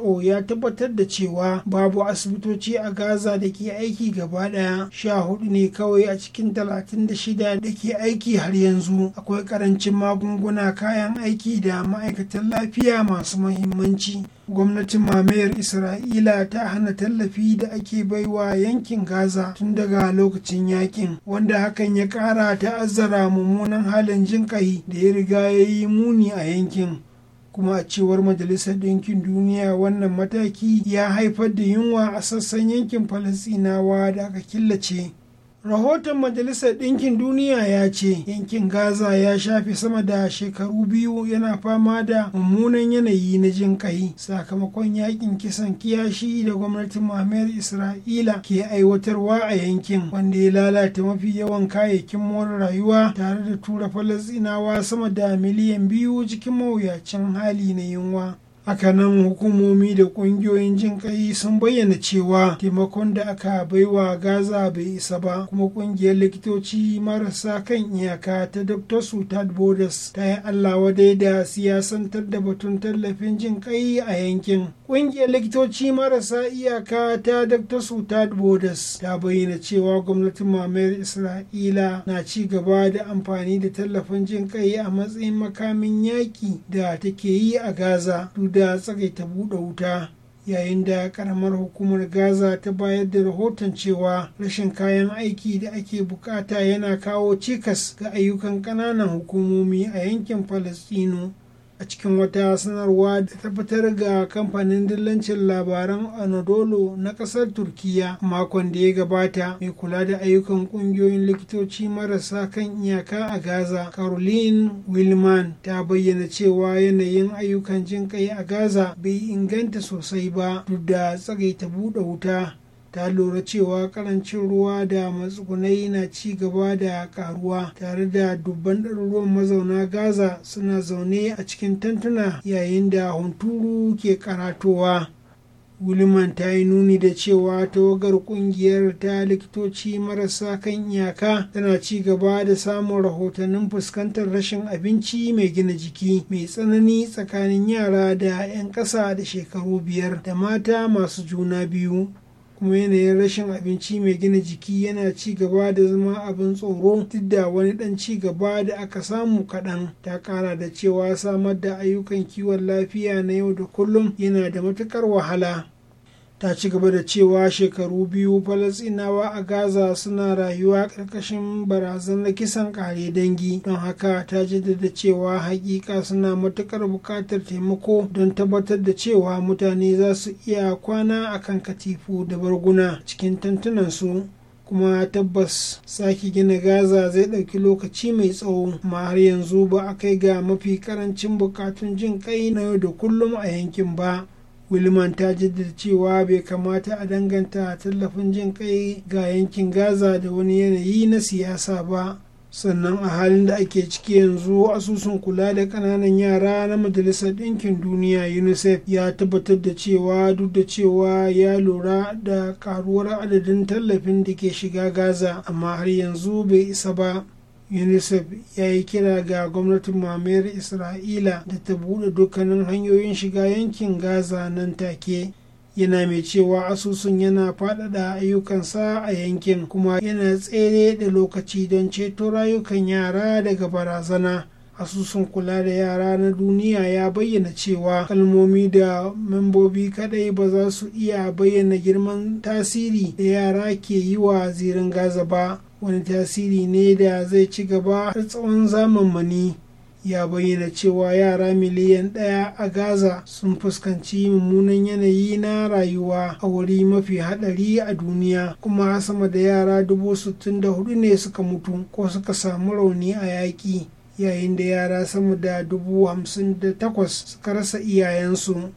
who ya tabbatar da cewa babu asibitoci a gaza da ke aiki gaba daya sha hudu ne kawai a cikin talatin da shida da ke aiki har yanzu akwai karancin magunguna kayan aiki da ma'aikatan lafiya masu muhimmanci gwamnatin mamayar isra'ila ta hana tallafi da ake baiwa yankin gaza tun daga lokacin yakin wanda hakan ya kara ta'azzara mummunan halin jinƙai da ya riga ya yi muni a yankin kuma a cewar majalisar ɗinkin duniya wannan mataki ya haifar da yunwa a sassan yankin falasinawa da aka killace rahoton majalisar ɗinkin duniya ya ce yankin gaza ya shafe sama da shekaru biyu yana fama da mummunan yanayi na jin kai sakamakon yakin kisan kiyashi da gwamnatin mamayar isra'ila ke aiwatarwa a yankin wanda ya lalata mafi yawan kayayyakin more rayuwa tare da tura falasinawa sama da miliyan biyu cikin mawuyacin hali na yunwa hakanan hukumomi da kungiyoyin jin kai sun bayyana cewa taimakon da aka baiwa gaza bai isa ba kuma kungiyar likitoci marasa kan iyaka ta dr sultan borders ta yi allah wadai da siyasantar da batun tallafin jin kai a yankin kungiyar likitoci marasa iyaka ta dr sultan borders ta bayyana cewa gwamnatin mamayar isra'ila na ci gaba da amfani da tallafin jin kai a matsayin makamin yaƙi da take yi a gaza da tsagaita buɗe wuta yayin da karamar hukumar gaza ta bayar da rahoton cewa rashin kayan aiki da ake bukata yana kawo cikas ga ayyukan ƙananan hukumomi a yankin falastino a cikin wata sanarwa da tabbatar ga kamfanin dillancin labaran anadolu na kasar turkiya makon da ya gabata mai kula da ayyukan kungiyoyin likitoci marasa kan iyaka a gaza caroline wilman ta bayyana cewa yanayin ayyukan jin kai a gaza bai inganta sosai ba duk da tsagaita buɗe wuta ta lura cewa karancin ruwa da matsugunai na ci gaba da karuwa tare da dubban ɗaruruwan mazauna gaza suna zaune a cikin tantuna yayin da hunturu ke karatowa guliman ta yi nuni da cewa tawagar kungiyar ta likitoci marasa kan iyaka tana ci gaba da samun rahotannin fuskantar rashin abinci mai gina jiki mai tsanani tsakanin yara da 'yan ƙasa da shekaru biyar da mata masu juna biyu kuma yanayin rashin abinci mai gina jiki yana ci gaba da zama abin tsoro duk da wani dan ci gaba da aka samu kaɗan ta ƙara da cewa samar da ayyukan kiwon lafiya na yau da kullum yana da matuƙar wahala ta ci gaba da cewa shekaru biyu falasinawa a gaza suna rayuwa ƙarƙashin barazanar kisan ƙare dangi don haka ta jaddada cewa hakika suna matuƙar buƙatar taimako don tabbatar da cewa mutane za su iya kwana a kan katifu da barguna cikin tantunansu kuma tabbas sake gina gaza zai ɗauki lokaci mai tsawo ma har yanzu ba a kai ga mafi karancin bukatun jin kai na yau da kullum a yankin ba wilman ta jaddada cewa bai kamata a danganta tallafin jin kai ga yankin gaza da wani yanayi na siyasa ba sannan a halin da ake ciki yanzu asusun kula da ƙananan yara na majalisar ɗinkin duniya unicef ya tabbatar da cewa duk da cewa ya lura da karuwar adadin tallafin da ke shiga gaza amma har yanzu bai isa ba unicef ya yi kira ga gwamnatin mamayar isra'ila da ta buɗe dukkanin hanyoyin shiga yankin gaza nan take yana mai cewa asusun yana faɗaɗa ayyukansa a yankin kuma yana tsere da lokaci don ceto rayukan yara daga barazana asusun kula da yara na duniya ya bayyana cewa kalmomi da membobi kadai ba za su iya bayyana girman tasiri da yara ke yi wa zirin gaza ba wani tasiri ne da zai ci gaba har tsawon zamani ya bayyana cewa yara miliyan ɗaya a gaza sun fuskanci mummunan yanayi na rayuwa a wuri mafi haɗari a duniya kuma sama da yara dubu sittin da hudu ne suka mutu ko suka samu rauni a yaƙi yayin da yara sama da dubu hamsin da takwas suka rasa iyayensu.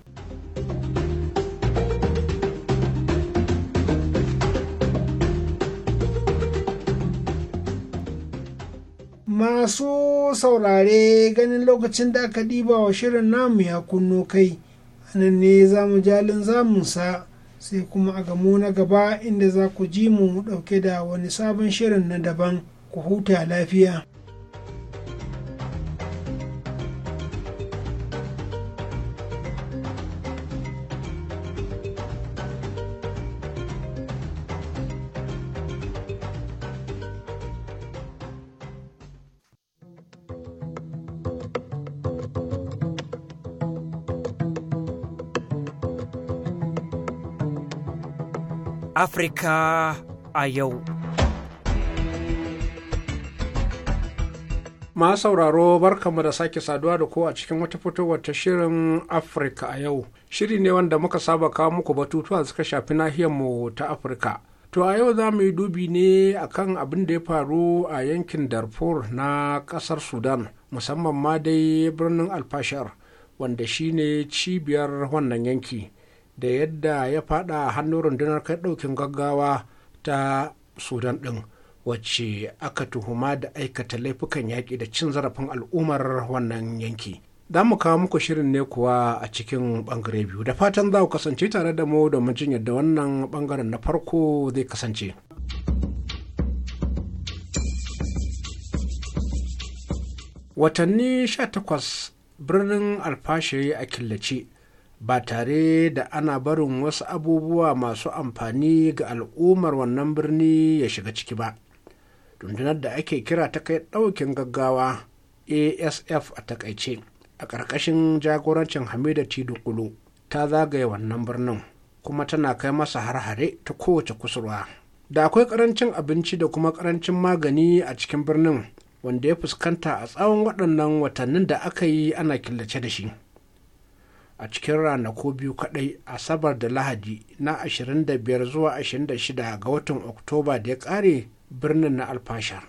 masu saurare ganin lokacin da aka ɗiba wa shirin namu ya kunno kai Ananne ne za mu jalin zamunsa sai kuma a gamu na gaba inda za ku ji mu ɗauke da wani sabon shirin na daban ku huta lafiya Afirka a yau. Ma sauraro barkamu da sake saduwa da ku a cikin wata fitowar ta shirin Afirka a yau. Shiri ne wanda muka saba kawo muku batutuwa suka shafi nahiyarmu ta Afirka. To a yau za mu yi dubi ne akan abin da ya faru a yankin Darfur na ƙasar Sudan, musamman ma dai birnin Alfashar, wanda shine cibiyar wannan yanki. da yadda ya fada hannun rundunar kai ɗaukin gaggawa ta sudan ɗin wacce aka tuhuma da aikata laifukan yaƙi da cin zarafin al'ummar wannan yanki za mu kawo muku shirin ne kuwa a cikin bangare biyu da fatan za ku kasance tare da mu domin jin yadda wannan bangaren na farko zai kasance. watanni 18 birnin alfashe a killace ba tare da ana barin wasu abubuwa masu amfani ga al'ummar wannan birni ya shiga ciki ba rundunar da ake kira ta kai ɗaukin gaggawa asf a takaice a ƙarƙashin jagorancin hamida tidukulu ta zagaye wannan birnin kuma tana kai masa har-hare ta kowace kusurwa da akwai ƙarancin abinci da kuma ƙarancin magani a cikin birnin wanda ya fuskanta a tsawon waɗannan watannin da aka yi ana killace da shi a cikin ranaku biyu kadai asabar da lahadi na 25 zuwa 26 ga watan oktoba da ya kare birnin na alfasha,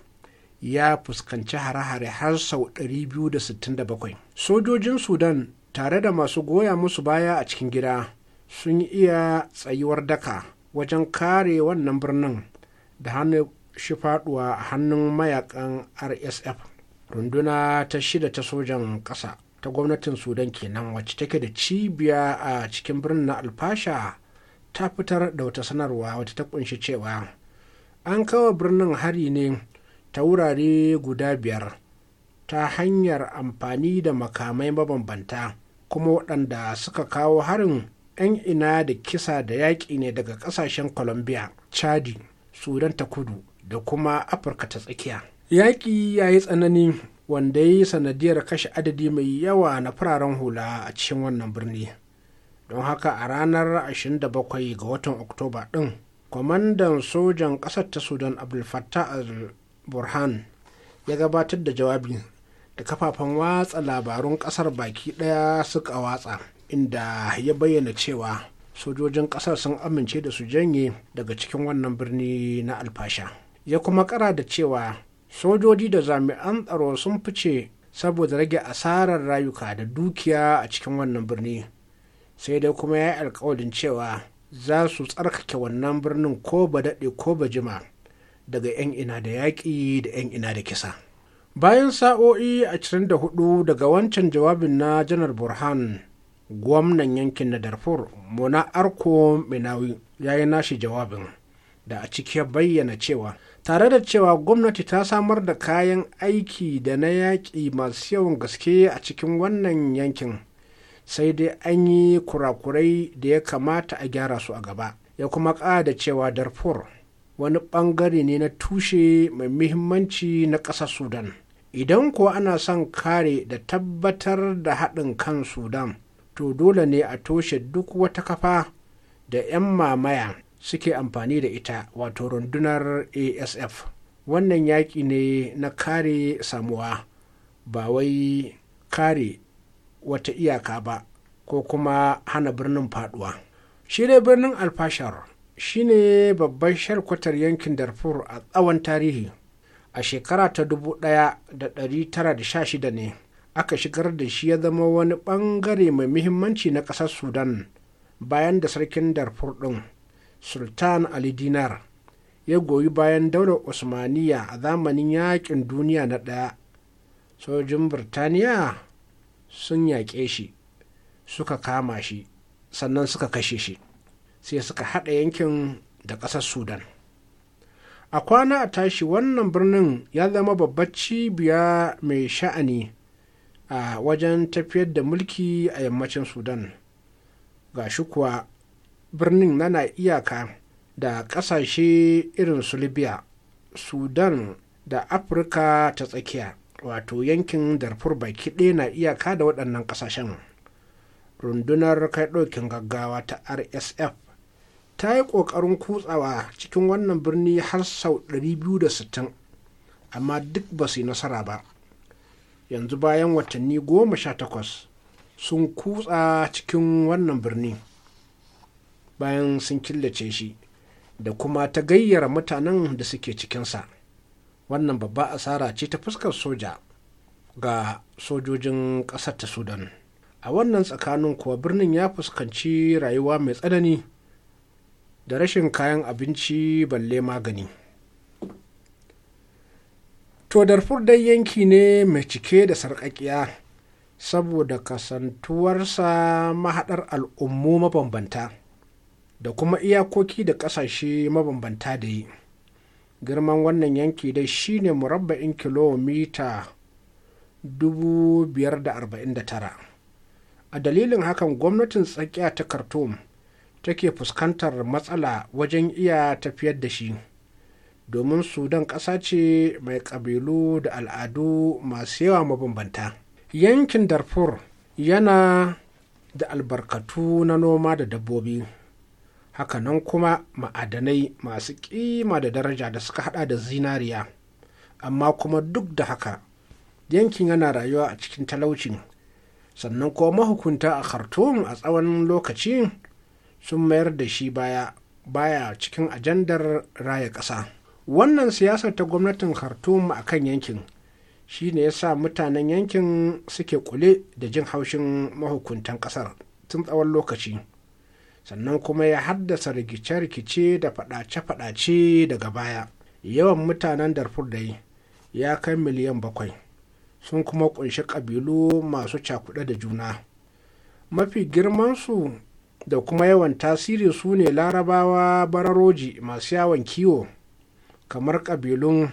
ya fuskanci hare-hare har sau 267 sojojin sudan tare da masu goya musu baya a cikin gida sun iya tsayuwar daka wajen kare wannan birnin da hannu shi faduwa a hannun mayakan rsf runduna ta shida ta sojan ƙasa ta gwamnatin sudan kenan wacce take da cibiya a cikin birnin na alfasha ta fitar da wata sanarwa wata ta kunshi cewa an kawo birnin hari ne ta wurare guda biyar ta hanyar amfani da makamai mabambanta kuma waɗanda suka kawo harin 'yan ina da kisa da yaƙi ne daga ƙasashen colombia chadi sudan ta kudu da kuma afirka ta tsakiya yaƙi ya yi tsanani wanda ya yi sanadiyar kashe adadi mai yawa na fararen hula a cikin wannan birni don haka a ranar 27 ga watan oktoba ɗin kwamandan sojan ƙasar ta sudan abdulfattah al-burhan ya gabatar da jawabi da kafafen watsa labarun ƙasar baki ɗaya suka watsa inda ya bayyana cewa sojojin ƙasar sun amince da su janye daga cikin wannan birni na alfasha ya kuma kara da cewa sojoji da jami'an tsaro sun fice saboda rage asarar rayuka da dukiya a cikin wannan birni sai dai kuma ya yi alkawarin cewa za su tsarkake wannan birnin ko ba daɗe ko ba jima daga 'yan ina da yaƙi da 'yan ina da kisa bayan sa'o'i 24 daga wancan jawabin na janar burhan gwamnan yankin na darfur mona arko minawi ya yi nashi jawabin da a ciki bayyana cewa tare da cewa gwamnati ta samar da kayan aiki da na yaƙi masu yawan gaske a cikin wannan yankin sai dai an yi kurakurai da ya kamata a gyara su a gaba ya kuma da cewa darfur wani ɓangare ne na tushe mai muhimmanci na ƙasar sudan idan kuwa ana son kare da tabbatar da haɗin kan sudan to dole ne a toshe duk wata kafa da 'yan mamaya suke amfani da ita wato rundunar asf wannan yaƙi ne na kare samuwa ba wai kare wata iyaka ba ko kuma hana birnin faduwa shi dai birnin alfashar shi ne babban sharkwatar yankin darfur a tsawon tarihi a shekara ta 1916 ne aka shigar da shi ya zama wani bangare mai muhimmanci na ƙasar sudan bayan da sarkin darfur din. sultan ali dinar ya goyi bayan daular osmaniya a zamanin yakin duniya na ɗaya sojin birtaniya sun yaƙe shi suka kama shi sannan suka kashe shi sai suka haɗa yankin da ƙasar sudan a kwana a tashi wannan birnin ya zama babbar cibiya mai sha'ani a wajen tafiyar da mulki a yammacin sudan ga shi kuwa birnin nana iyaka da ƙasashe irin su libya sudan da afirka ta tsakiya wato yankin darfur baki ɗaya na iyaka da waɗannan ƙasashen rundunar kai ɗaukin gaggawa ta rsf ta yi ƙoƙarin kutsawa cikin wannan birni har sau 260 amma duk ba su yi nasara ba yanzu bayan watanni goma sha takwas sun kutsa cikin wannan birni bayan sun killace shi da kuma ta gayyara mutanen da suke cikinsa wannan babba asara ce ta fuskar soja ga sojojin ƙasar ta sudan a wannan tsakanin kuwa birnin ya fuskanci rayuwa mai tsanani da rashin kayan abinci balle magani to darfur dai yanki ne mai cike da sarƙaƙiya saboda kasantuwarsa mahaɗar al'ummu mabambanta da kuma iyakoki da ƙasashe mabambanta da yi girman wannan yanki dai shine murabba'in kilomita 549 a dalilin hakan gwamnatin tsakiya ta khartoum take fuskantar matsala wajen iya tafiyar da shi domin sudan ƙasa ce mai ƙabilu da al'adu masu yawa mabambanta yankin darfur yana da albarkatu na noma da dabbobi Haka nan kuma ma'adanai masu kima da daraja da suka hada da zinariya amma kuma duk da haka yankin yana rayuwa a cikin talaucin sannan kuma mahukunta a khartoum a tsawon lokaci sun mayar da shi baya baya cikin ajandar raya ƙasa wannan siyasar ta gwamnatin khartoum a kan yankin shi ne ya sa mutanen yankin suke kule da jin haushin mahukuntan ƙasar tun tsawon lokaci sannan kuma ya haddasa rikice-rikice da faɗace-faɗace daga baya yawan mutanen darfur yi ya kai miliyan bakwai sun kuma kunshi ƙabilu masu cakuɗe da juna mafi girman su da kuma yawan tasiri su ne larabawa bararoji masu yawon kiwo kamar ƙabilun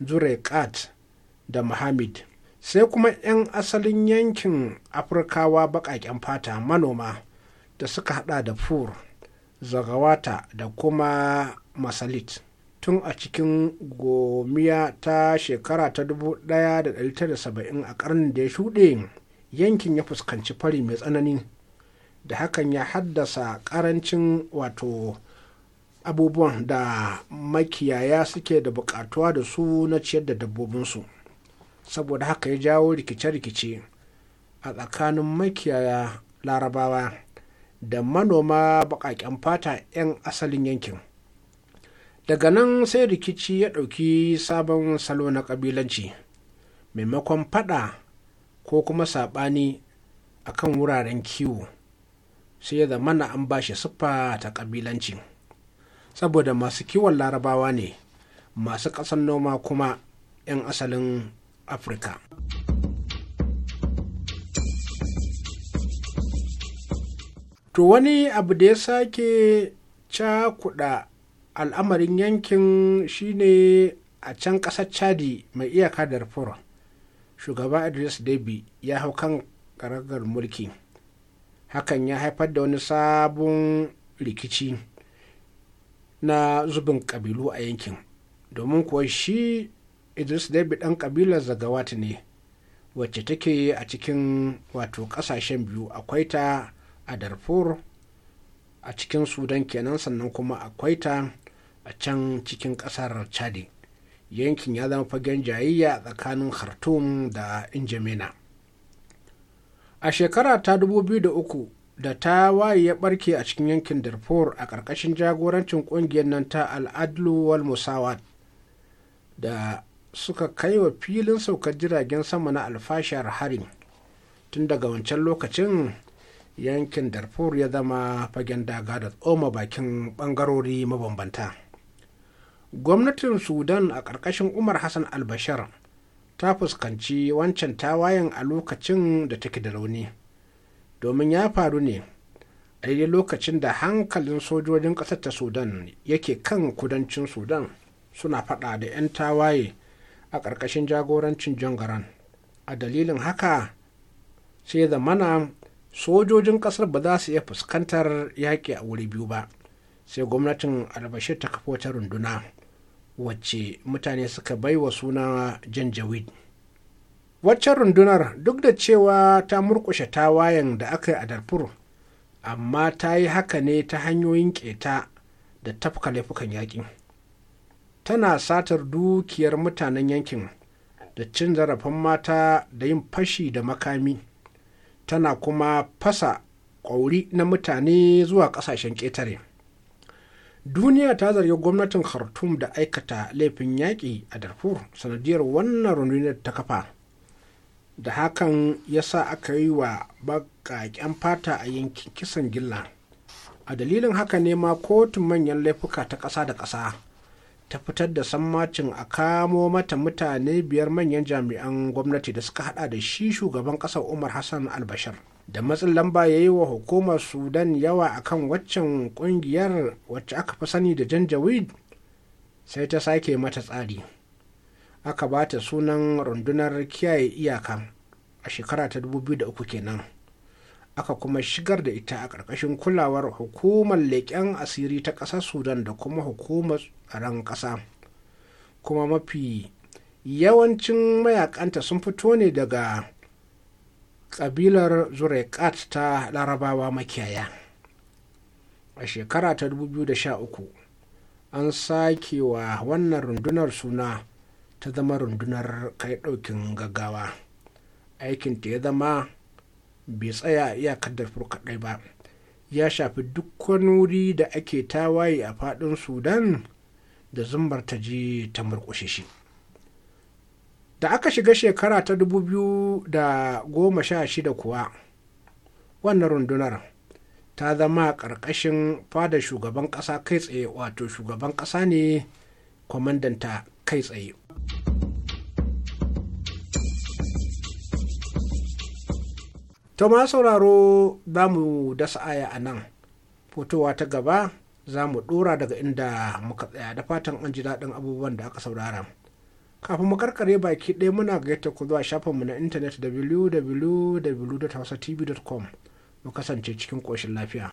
zurekat da muhammad sai kuma 'yan asalin yankin afirkawa baƙaƙen fata manoma da suka hada da fur zagawata da kuma masalit tun a cikin gomiya ta shekara ta 1970 a karnin da ya shuɗe yankin ya fuskanci fari mai tsanani da hakan ya haddasa karancin wato abubuwan da makiyaya suke da bukatuwa da su na ciyar da dabbobinsu saboda haka ya jawo rikice-rikice a tsakanin makiyaya larabawa da manoma baƙaƙen fata 'yan asalin yankin daga nan sai rikici ya ɗauki sabon salo na ƙabilanci maimakon faɗa ko kuma saɓani a kan wuraren kiwo sai ya zamana an ba shi siffa ta ƙabilanci saboda masu kiwon larabawa ne masu ƙasan noma kuma 'yan asalin afirka to wani abu da ya sake cakuɗa al'amarin yankin shine a can ƙasar chadi mai iyaka da rufura shugaba idris debi ya hau kan karagar mulki hakan ya haifar da wani sabon rikici na zubin ƙabilu a yankin domin kuwa shi idris debi ɗan ƙabilar zagawat ne wacce take a cikin wato ƙasashen biyu akwai ta a darfur a cikin sudan kenan sannan kuma akwai ta a can cikin kasar chadi yankin ya zama fagen jayayya tsakanin khartoum da injamena a shekara ta 2003 da ta waye ya barke a cikin yankin darfur a ƙarƙashin jagorancin ƙungiyar nan ta al'adlu wal musawat da suka kai wa filin saukar jiragen sama na alfashar harin tun daga wancan lokacin yankin darfur ya zama fagen daga da tsoma bakin bangarori mabambanta gwamnatin sudan a ƙarƙashin umar hassan albashar ta fuskanci wancan tawayen a lokacin da take da rauni domin ya faru ne a daidai lokacin da hankalin sojojin ƙasar ta sudan yake kan kudancin sudan suna faɗa da 'yan tawaye a ƙarƙashin jagorancin jangaran a dalilin haka sai zamana sojojin kasar ba za su iya fuskantar yaƙi a wuri biyu ba sai gwamnatin albashir ta kafa wata runduna wacce mutane suka bai wa suna jan janjawid Wacce rundunar duk da cewa ta murkushe tawayen da aka yi a darfur amma ta yi haka ne ta hanyoyin keta da tafka laifukan yaƙi tana satar dukiyar mutanen yankin da cin zarafin mata da yin fashi da makami tana kuma fasa ƙwauri na mutane zuwa ƙasashen ƙetare duniya ta zargi gwamnatin khartoum da aikata laifin yaƙi a darfur sanadiyar wannan rundunar ta kafa da hakan ya sa aka yi wa baƙaƙen fata a yankin kisan gilla a dalilin haka ne ma kotun manyan laifuka ta ƙasa da ƙasa ta fitar da sammacin a kamo mata mutane biyar manyan jami'an gwamnati da suka hada da shi shugaban kasar umar hassan albashir da matsin lamba ya yi wa hukumar sudan yawa akan waccan kungiyar wacce aka fi sani da janjaweed sai ta sake mata tsari aka ba ta sunan rundunar kiyaye iyaka a shekara ta 2003 kenan. aka kuma shigar da ita a ƙarƙashin kulawar hukumar leƙen asiri ta ƙasa sudan da kuma hukumar tsaron ƙasa kuma mafi yawancin mayakanta sun fito ne daga ƙabilar zurekat ta larabawa makiyaya a shekara ta 2013 an sake wa wannan rundunar suna ta zama rundunar kai ɗaukin gaggawa aikinta ya zama bai tsaya iyakar darfur kaɗai ba ya shafi duk wani wuri da ake tawaye a faɗin sudan da zumbar ta je ta murƙushe shi da aka shiga shekara ta dubu biyu da goma sha shida kuwa wannan rundunar ta zama ƙarƙashin fada shugaban ƙasa kai tsaye wato shugaban ƙasa ne kwamandanta kai tsaye ta ma sauraro za mu dasa aya a nan fotowa ta gaba za mu dora daga inda muka tsaya da fatan an ji daɗin abubuwan da aka saurara kafin mu karkare baki ɗaya muna gayyata ku zuwa mu na intanet www.hausatv.com mu kasance cikin koshin lafiya.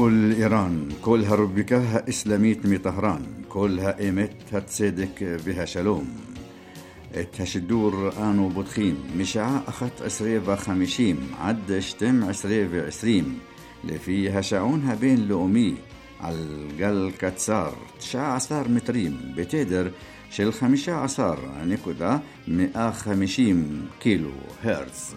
كل إيران كلها ربكها إسلاميت مي طهران كلها إيمت هتسيدك بها شلوم الدور آنو بدخيم مشعة أخت أسرية وخمشيم عد شتم أسرية وعسريم لفيها شعونها بين لومي على قل كتسار تشع عصار متريم بتدر شل خمشة عصار نكودا مئة خمشيم كيلو هرتز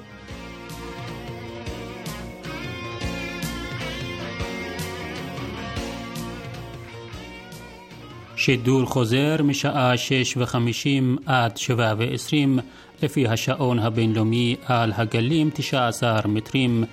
شی دور خوزر میشه آشش و خمیشیم آد شوا و اسریم لفی هشاون ها بینلومی آل هگلیم متریم